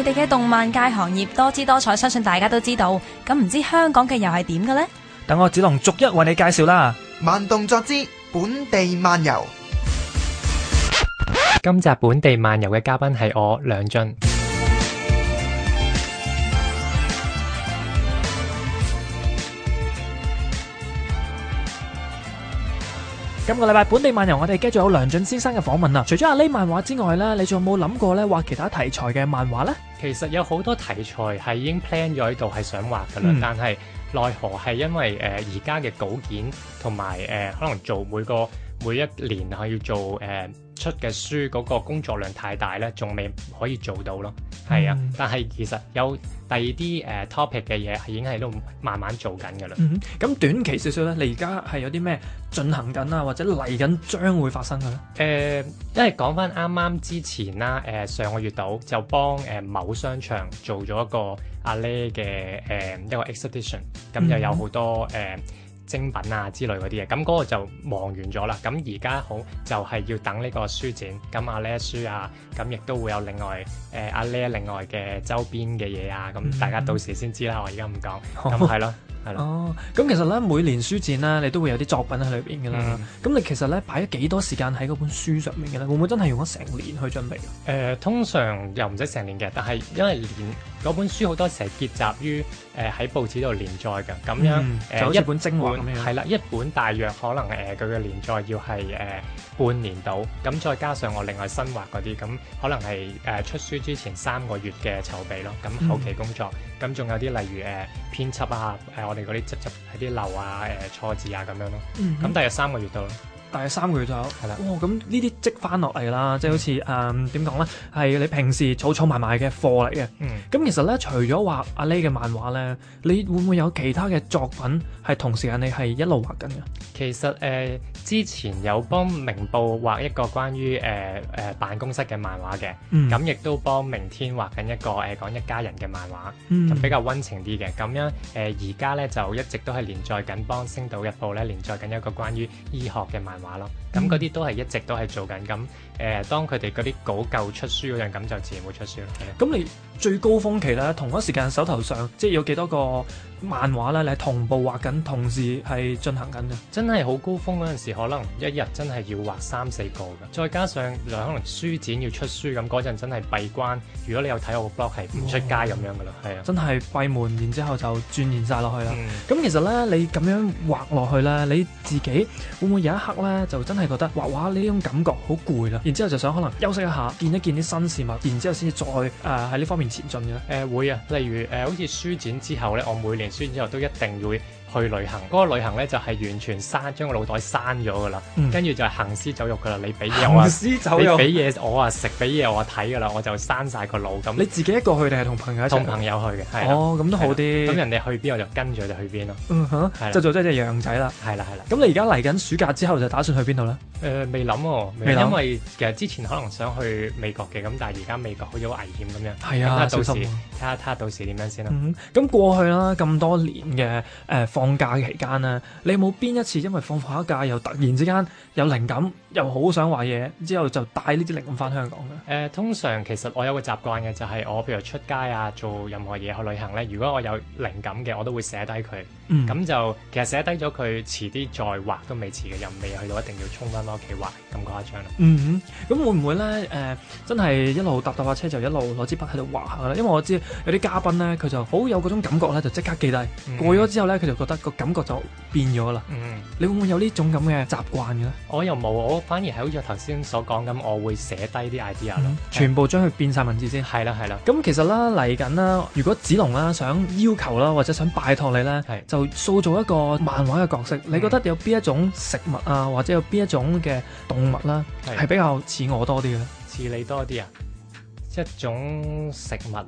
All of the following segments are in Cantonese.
佢哋嘅動漫界行業多姿多彩，相信大家都知道。咁唔知香港嘅又係點嘅呢？等我子龍逐一為你介紹啦！慢動作之本地漫遊。今集本地漫遊嘅嘉賓係我梁進。今個禮拜本地漫遊，我哋繼續有梁進先生嘅訪問啦，除咗阿呢漫畫之外咧，你仲有冇諗過咧畫其他題材嘅漫畫咧？其實有好多題材係已經 plan 咗喺度，係想畫噶啦，但係奈何係因為誒而家嘅稿件同埋誒可能做每個每一年，啊，然要做誒。呃出嘅書嗰個工作量太大咧，仲未可以做到咯。係、嗯、啊，但係其實有第二啲誒 topic 嘅嘢係已經喺度慢慢做緊㗎喇。咁、嗯、短期少少咧，你而家係有啲咩進行緊啊，或者嚟緊將會發生嘅咧？誒、呃，因為講翻啱啱之前啦，誒、呃、上個月度就幫誒、呃、某商場做咗一個阿叻嘅誒一個 exhibition，咁又有好多誒。嗯嗯呃精品啊，之類嗰啲嘢，咁嗰個就忙完咗啦。咁而家好就係、是、要等呢個書展，咁阿 Les 書啊，咁亦都會有另外誒、呃、阿 Les 另外嘅周邊嘅嘢啊，咁大家到時先知啦。我而家唔講，咁係咯。係啦，哦，咁其實咧每年書展咧，你都會有啲作品喺裏邊嘅啦。咁、嗯、你其實咧擺咗幾多時間喺嗰本書上面嘅咧？會唔會真係用咗成年去準備？誒、呃，通常又唔使成年嘅，但係因為連嗰本書好多時係結集於誒喺、呃、報紙度連載嘅，咁樣誒、嗯、一本精華係啦，一本大約可能誒佢嘅連載要係誒、呃、半年到，咁再加上我另外新畫嗰啲，咁可能係誒、呃、出書之前三個月嘅籌備咯。咁後期工作，咁仲、嗯、有啲例如誒、呃、編輯啊，誒、呃。我哋嗰啲積積喺啲樓啊、誒錯字啊咁樣咯，嗯，咁大概三個月到咯。大概三個月左右，係啦吧。咁、哦嗯嗯、呢啲積翻落嚟啦，即係好似誒點講咧，係你平時儲儲埋埋嘅貨嚟嘅。嗯。咁其實咧，除咗畫阿 l 嘅漫畫咧，你會唔會有其他嘅作品係同時間你係一路畫緊嘅？其實誒、呃，之前有幫《明報》畫一個關於誒誒、呃呃、辦公室嘅漫畫嘅，咁亦、嗯、都幫《明天》畫緊一個誒、呃、講一家人嘅漫畫，嗯、就比較溫情啲嘅。咁樣誒而家咧就一直都係連載緊幫《星島日報》咧連載緊一個關於醫學嘅漫畫。咁嗰啲都係一直都係做緊，咁誒、呃，當佢哋嗰啲稿夠出書嗰陣，咁就自然會出書啦。咁你最高峰期咧，同一時間手頭上即係有幾多個漫畫咧，你係同步畫緊，同時係進行緊嘅？真係好高峰嗰陣時，可能一日真係要畫三四個嘅，再加上可能書展要出書，咁嗰陣真係閉關。如果你有睇我個 blog，係唔出街咁樣噶啦，係啊、哦，嗯、的真係閉門，然之後就鑽研晒落去啦。咁、嗯、其實咧，你咁樣畫落去啦，你自己會唔會有一刻咧？就真係覺得畫畫呢種感覺好攰啦，然之後就想可能休息一下，見一見啲新事物，然之後先至再誒喺呢方面前進嘅誒、呃、會啊，例如誒好似書展之後呢，我每年書展之後都一定會。去旅行嗰個旅行咧就係完全刪將個腦袋刪咗噶啦，跟住就行屍走肉噶啦。你俾嘢，你俾嘢我啊食，俾嘢我睇噶啦，我就刪晒個腦咁。你自己一個去定係同朋友？一同朋友去嘅。哦，咁都好啲。咁人哋去邊我就跟住佢哋去邊咯。哼，係就做咗隻羊仔啦。係啦，係啦。咁你而家嚟緊暑假之後就打算去邊度咧？誒，未諗喎，未諗。因為其實之前可能想去美國嘅，咁但係而家美國好似好危險咁樣。係啊，小心。睇下睇下到時點樣先啦。咁過去啦，咁多年嘅誒。放假嘅期間呢，你有冇邊一次因為放假假又突然之間有靈感，又好想畫嘢，之後就帶呢啲靈感翻香港咧、呃？通常其實我有個習慣嘅就係、是、我譬如出街啊，做任何嘢去旅行咧，如果我有靈感嘅，我都會寫低佢。咁、嗯、就其實寫低咗佢，遲啲再畫都未遲嘅，又未去到一定要衝翻翻屋企畫咁誇張啦。嗯，嗯，咁會唔會咧？誒、呃，真係一路搭搭架車就一路攞支筆喺度畫下啦？因為我知有啲嘉賓咧，佢就好有嗰種感覺咧，就即刻記低。過咗之後咧，佢就覺。得個感覺就變咗啦，嗯、你會唔會有呢種咁嘅習慣嘅咧？我又冇，我反而係好似頭先所講咁，我會寫低啲 idea 咯，嗯、是全部將佢變晒文字先。係啦，係啦。咁其實啦，嚟緊啦，如果子龍啦想要求啦，或者想拜託你咧，是就塑造一個漫畫嘅角色。嗯、你覺得有邊一種食物啊，或者有邊一種嘅動物啦、啊，係是比較似我多啲嘅？似你多啲啊？一種食物啊？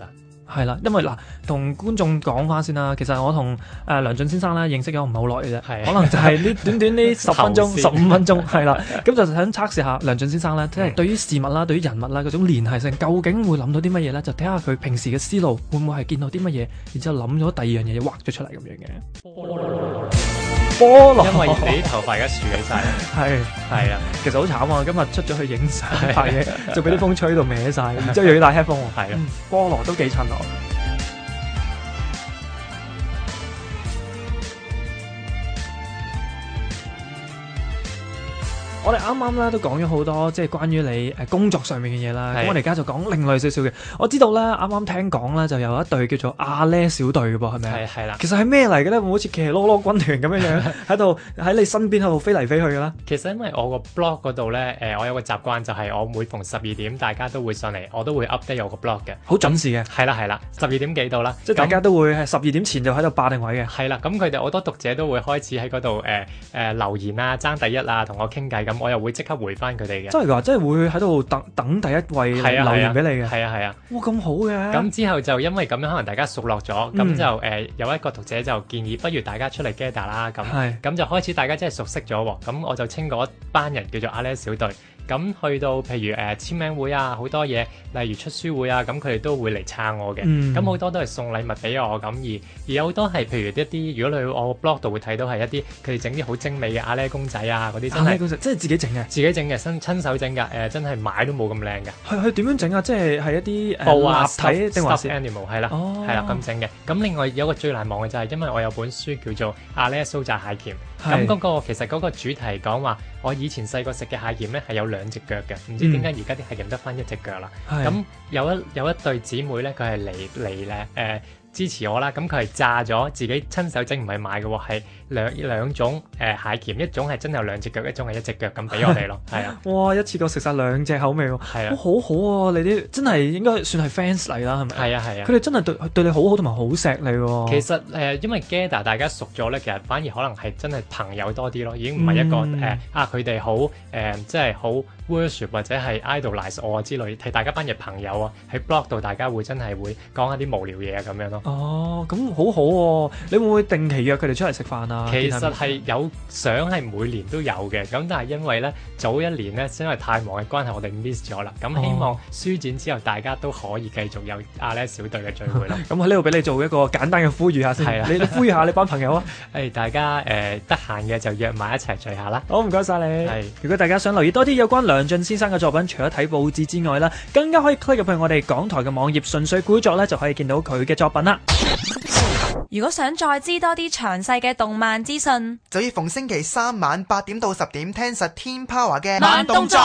係啦，因為嗱，同觀眾講翻先啦。其實我同誒、呃、梁進先生咧認識咗唔係好耐嘅啫，是的可能就係呢短短呢十分鐘、十五思分鐘，係啦。咁 就想測試下梁進先生咧，嗯、即係對於事物啦、對於人物啦嗰種聯繫性，究竟會諗到啲乜嘢咧？就睇下佢平時嘅思路會唔會係見到啲乜嘢，然之後諗咗第二樣嘢畫咗出嚟咁樣嘅。哦哦哦哦哦哦菠蘿，因為你啲頭髮而家豎起晒，係係 是啊，其實好慘啊！今日出咗去影相拍嘢，就俾啲風吹到歪晒，然之後又要戴 headphone，菠蘿都幾襯我。我哋啱啱咧都講咗好多，即係關於你誒工作上面嘅嘢啦。咁我哋而家就講另類少少嘅。我知道咧，啱啱聽講咧，就有一隊叫做阿呢小隊嘅噃，係咪啊？係係啦。其實係咩嚟嘅咧？會好似騎呢呢軍團咁樣樣喺度喺你身邊喺度飛嚟飛去嘅啦。其實因為我個 blog 嗰度咧，誒我有個習慣就係我每逢十二點，大家都會上嚟，我都會 update 我個 blog 嘅。好準時嘅。係啦係啦，十二點幾到啦，即係大家都會係十二點前就喺度霸定位嘅。係啦，咁佢哋好多讀者都會開始喺嗰度誒誒留言啊，爭第一啊，同我傾偈咁。我又會即刻回翻佢哋嘅，真係㗎，真係會喺度等等第一位留言俾你嘅，係啊係啊，哇咁好嘅。咁之後就因為咁樣，可能大家熟絡咗，咁就呃有一個讀者就建議，不如大家出嚟 gather 啦，咁咁是就開始大家真係熟悉咗喎。咁我就稱嗰班人叫做阿叻小隊。咁去到譬如誒、呃、簽名會啊，好多嘢，例如出書會啊，咁佢哋都會嚟撐我嘅。咁好、嗯、多都係送禮物俾我咁，而而有好多係譬如一啲，如果你去我 blog 度會睇到係一啲佢哋整啲好精美嘅阿叻公仔啊，嗰啲真係，阿叻公仔真係自己整嘅，自己整嘅，親手整嘅、呃，真係買都冇咁靚嘅。佢點樣整、哦、啊？即係係一啲立體啊，animal 係啦、哦，係啦咁整嘅。咁另外有個最難忘嘅就係因為我有本書叫做《阿叻蘇紮蟹鉗》咁是、那個、其實嗰個主題講話我以前細個食嘅蟹鉗咧係有兩兩隻腳嘅，唔知點解而家啲係認得翻一隻腳啦。咁是有一有一對姊妹咧，佢係嚟嚟咧，誒。呃支持我啦，咁佢係炸咗，自己親手整，唔係買嘅喎，係兩兩種誒、呃、蟹鉗，一種係真係有兩隻腳，一種係一隻腳咁俾我哋咯，係 啊，哇，一次過食晒兩隻口味咯，係啊，好好啊，你啲真係應該算係 fans 嚟啦，係咪？係啊係啊，佢哋、啊、真係對對你好好，同埋好錫你、啊。其實誒、呃，因為 gather 大家熟咗咧，其實反而可能係真係朋友多啲咯，已經唔係一個誒、嗯呃、啊，佢哋好誒，即係好。呃真 worship 或者係 idolize 我之類，睇大家班嘅朋友啊，喺 blog 度大家會真係會講一啲無聊嘢啊。咁樣咯。哦，咁好好、啊、喎，你會唔會定期約佢哋出嚟食飯啊？其實係有想係每年都有嘅，咁但係因為咧早一年咧，因為太忙嘅關係我，我哋 miss 咗啦。咁希望書展之後、哦、大家都可以繼續有阿呢小隊嘅聚會咯。咁喺呢度俾你做一個簡單嘅呼籲下先，你呼籲下呢班朋友啊，誒、哎、大家誒得閒嘅就約埋一齊聚一下啦。好，唔該晒你。係是，如果大家想留意多啲有關梁梁進先生嘅作品，除咗睇報紙之外啦，更加可以推入去我哋港台嘅網頁，純粹古作咧就可以見到佢嘅作品啦。如果想再知多啲詳細嘅動漫資訊，就要逢星期三晚八點到十點聽實天 power 嘅慢動作。